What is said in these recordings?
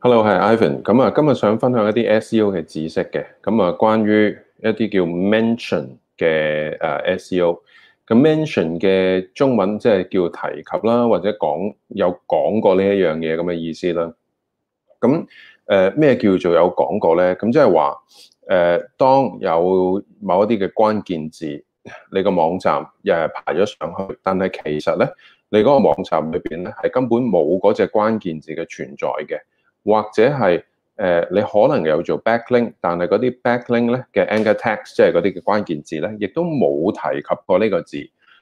Hello，係 Ivan。咁啊，今日想分享一啲 SEO 嘅知識嘅。咁啊，關於一啲叫 mention 嘅啊 SEO。咁 mention 嘅中文即係叫提及啦，或者講有講過呢一樣嘢咁嘅意思啦。咁誒咩叫做有講過咧？咁即係話誒，當有某一啲嘅關鍵字，你個網站又係排咗上去，但係其實咧，你嗰個網站裏邊咧係根本冇嗰隻關鍵字嘅存在嘅。或者係誒、呃，你可能有做 backlink，但係嗰啲 backlink 咧嘅 anchor text，即係嗰啲嘅關鍵字咧，亦都冇提及過呢個字。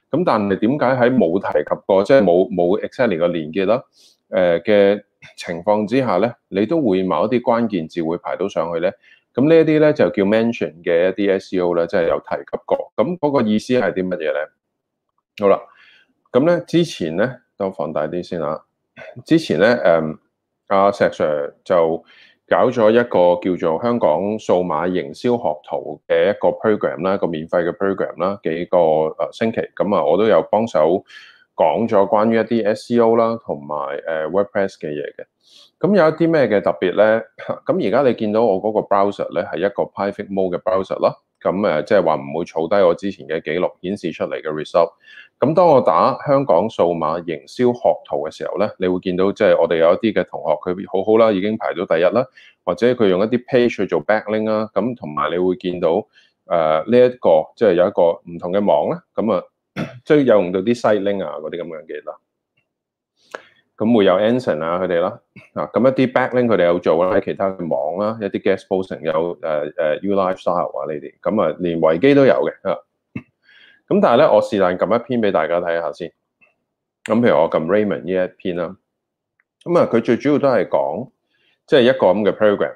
咁但係點解喺冇提及過，即係冇冇 exactly 嘅連結啦？誒嘅情況之下咧，你都會某一啲關鍵字會排到上去咧。咁呢一啲咧就叫 mention 嘅一啲 SEO 啦，即係有提及過。咁嗰個意思係啲乜嘢咧？好啦，咁咧之前咧，當放大啲先啦。之前咧誒。嗯阿石 Sir 就搞咗一個叫做香港數碼營銷學徒嘅一個 program 啦，個免費嘅 program 啦，幾個誒星期咁啊，我都有幫手講咗關於一啲 SEO 啦，同埋誒 WordPress 嘅嘢嘅。咁有一啲咩嘅特別咧？咁而家你見到我嗰個 browser 咧，係一個 private mode 嘅 browser 咯。咁即係話唔會儲低我之前嘅記錄顯示出嚟嘅 result。咁當我打香港數碼營銷學徒嘅時候咧，你會見到即係我哋有一啲嘅同學佢好好啦，已經排到第一啦，或者佢用一啲 page 去做 backlink 啦、啊。咁同埋你會見到誒呢一個即係有一個唔同嘅網啦咁啊，即係有用到啲 site link 啊嗰啲咁樣嘅啦。咁會有 Anson 啊佢哋啦，啊咁一啲 backlink 佢哋有做啦，喺其他嘅網啦，一啲 guest posting 有誒誒 U Lifestyle 啊呢啲，咁啊連維基都有嘅啊。咁但係咧，我是但撳一篇俾大家睇下先。咁譬如我撳 Raymond 呢一篇啦，咁啊佢最主要都係講即係一個咁嘅 program，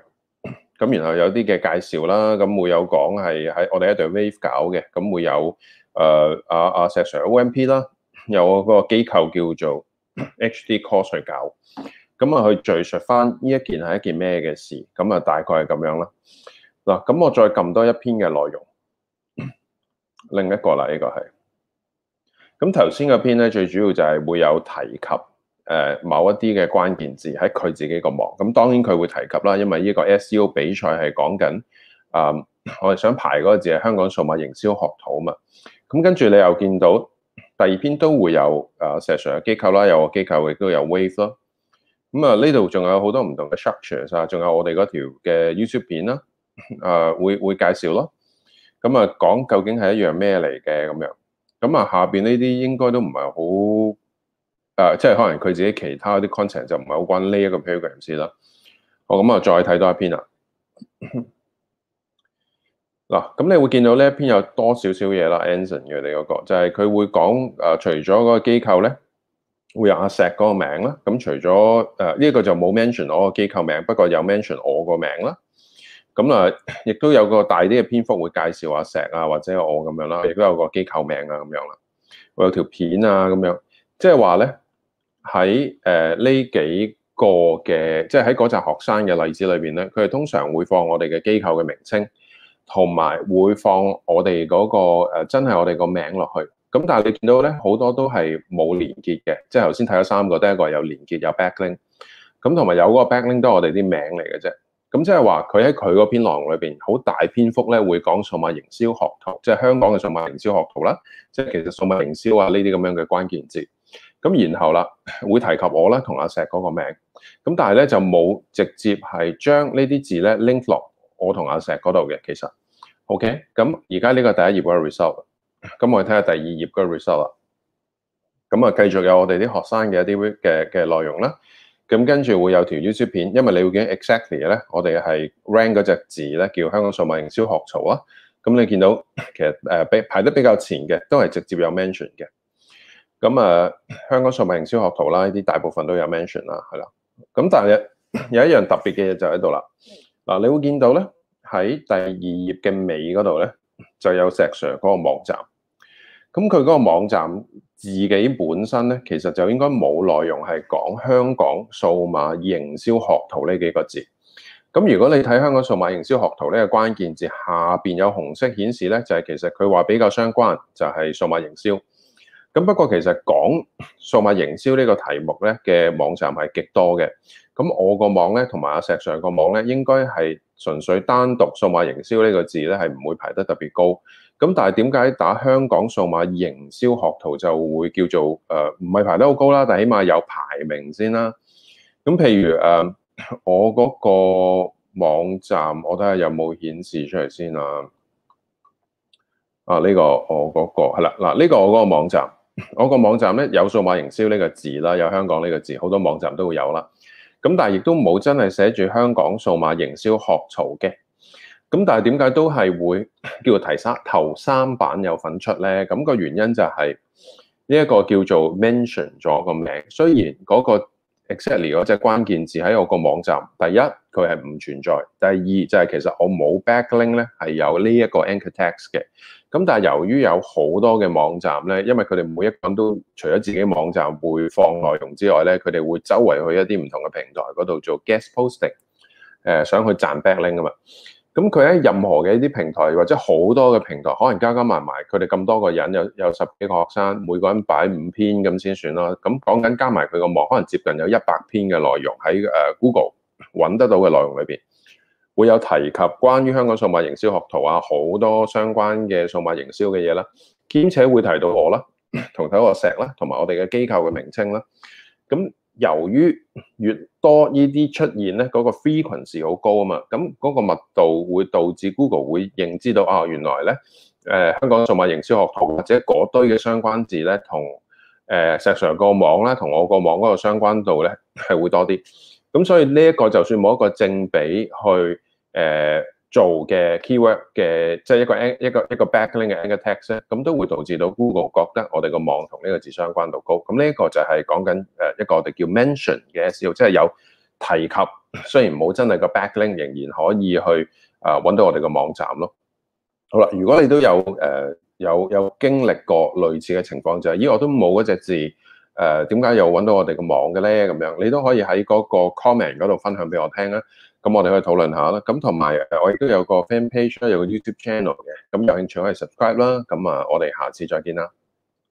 咁然後有啲嘅介紹啦，咁會有講係喺我哋一隊 Wave 搞嘅，咁會有誒阿阿石 Sir OMP 啦，有個個機構叫做。HD course 去搞，咁啊去敘述翻呢一件係一件咩嘅事，咁啊大概係咁樣啦。嗱，咁我再撳多一篇嘅內容，另一個啦，呢個係。咁頭先嗰篇咧，最主要就係會有提及誒某一啲嘅關鍵字喺佢自己個網，咁當然佢會提及啦，因為呢個 SEO 比賽係講緊，我哋想排嗰個字係香港數碼營銷學徒啊嘛，咁跟住你又見到。第二篇都會有啊，石上嘅機構啦，有個機構亦都有 Wave 咯。咁啊，呢度仲有好多唔同嘅 structures 啊，仲有我哋嗰條嘅 YouTube 片啦，啊，會會介紹咯。咁啊，講究竟係一樣咩嚟嘅咁樣。咁啊，下邊呢啲應該都唔係好啊，即係可能佢自己其他啲 content 就唔係好關呢一個 program 事啦。好，咁啊，再睇多一篇啦。嗱，咁你會見到呢一篇有多少少嘢啦？Anson 佢哋、那、嗰個就係、是、佢會講、呃、除咗嗰個機構咧，會有阿石嗰個名啦。咁、嗯、除咗呢、呃、這個就冇 mention 我個機構名，不過有 mention 我個名啦。咁、嗯、啊，亦都有個大啲嘅篇幅會介紹阿石啊，或者我咁樣啦，亦都有個機構名啊咁樣啦。會有條片啊咁樣，即係話咧喺呢、呃、幾個嘅，即係喺嗰集學生嘅例子裏面咧，佢哋通常會放我哋嘅機構嘅名稱。同埋會放我哋嗰、那個真係我哋個名落去，咁但係你見到咧好多都係冇連結嘅，即係頭先睇咗三個，得一個有連結有 backlink，咁同埋有個 backlink 都係我哋啲名嚟嘅啫，咁即係話佢喺佢嗰篇內容裏面，好大篇幅咧會講數碼營銷學徒，即係香港嘅數碼營銷學徒啦，即係其實數碼營銷啊呢啲咁樣嘅關鍵字，咁然後啦會提及我啦，同阿石嗰個名，咁但係咧就冇直接係將呢啲字咧 link 落。我同阿石嗰度嘅，其實 OK。咁而家呢個第一頁嘅 result，咁我哋睇下第二頁嘅 result 啦。咁啊，繼續有我哋啲學生嘅一啲嘅嘅內容啦。咁跟住會有一條 YouTube 片，因為你會見 exactly 咧，我哋係 rank 嗰隻字咧叫香港數碼營銷學徒啊。咁你見到其實誒比排得比較前嘅，都係直接有 mention 嘅。咁啊，香港數碼營銷學徒啦，呢啲大部分都有 mention 啦，係啦。咁但係有一樣特別嘅嘢就喺度啦。嗱，你會見到咧，喺第二頁嘅尾嗰度咧，就有石 Sir 嗰個網站。咁佢嗰個網站自己本身咧，其實就應該冇內容係講香港數碼營銷學徒呢幾個字。咁如果你睇香港數碼營銷學徒呢個關鍵字下面有紅色顯示咧，就係其實佢話比較相關，就係數碼營銷。咁不過其實講數碼營銷呢個題目咧嘅網站係極多嘅。咁我個網咧，同埋阿石上個網咧，應該係純粹單獨數碼營銷呢個字咧，係唔會排得特別高。咁但係點解打香港數碼營銷學徒就會叫做、呃、唔係排得好高啦，但係起碼有排名先啦。咁譬如、呃、我嗰個網站，我睇下有冇顯示出嚟先啦、啊。啊，呢個我嗰個係啦嗱，呢個我嗰個網站，我個網站咧有數碼營銷呢個字啦，有香港呢個字，好多網站都會有啦。咁但亦都冇真係寫住香港數碼營銷學槽嘅，咁但係點解都係會叫做提三頭三版有份出咧？咁、那個原因就係呢一個叫做 mention 咗個名，雖然嗰、那個。Exactly 嗰隻關鍵字喺我個網站，第一佢係唔存在，第二就係、是、其實我冇 backlink 咧，係有呢一個 anchor text 嘅。咁但係由於有好多嘅網站咧，因為佢哋每一間都除咗自己的網站會放內容之外咧，佢哋會周圍去一啲唔同嘅平台嗰度做 guest posting，誒想去賺 backlink 啊嘛。咁佢喺任何嘅一啲平台，或者好多嘅平台，可能加加埋埋，佢哋咁多個人，有有十幾個學生，每個人擺五篇咁先算啦。咁講緊加埋佢個網，可能接近有一百篇嘅內容喺誒 Google 揾得到嘅內容裏邊，會有提及關於香港數碼營銷學徒啊，好多相關嘅數碼營銷嘅嘢啦，兼且會提到我啦，同睇我石啦，同埋我哋嘅機構嘅名稱啦，咁。由於越多呢啲出現咧，嗰個 frequency 好高啊嘛，咁嗰個密度會導致 Google 會認知到啊，原來咧誒香港數碼營銷學堂或者嗰堆嘅相關字咧，同誒石上個網咧，同我個網嗰個相關度咧係會多啲。咁所以呢一個就算冇一個正比去誒做嘅 keyword 嘅，即係一個一個一個 backlink 嘅一個 text 咧，咁都會導致到 Google 覺得我哋個網同呢個字相關度高。咁呢一個就係講緊。一個我哋叫 mention 嘅 s 即係有提及，雖然冇真係個 backlink，仍然可以去誒揾到我哋個網站咯。好啦，如果你都有誒有有經歷過類似嘅情況，就係咦我都冇嗰隻字誒，點解又揾到我哋個網嘅咧？咁樣你都可以喺嗰個 comment 嗰度分享俾我聽啦。咁我哋可以討論下啦。咁同埋我亦都有個 fan page，有個 YouTube channel 嘅。咁有興趣可以 subscribe 啦。咁啊，我哋下次再見啦。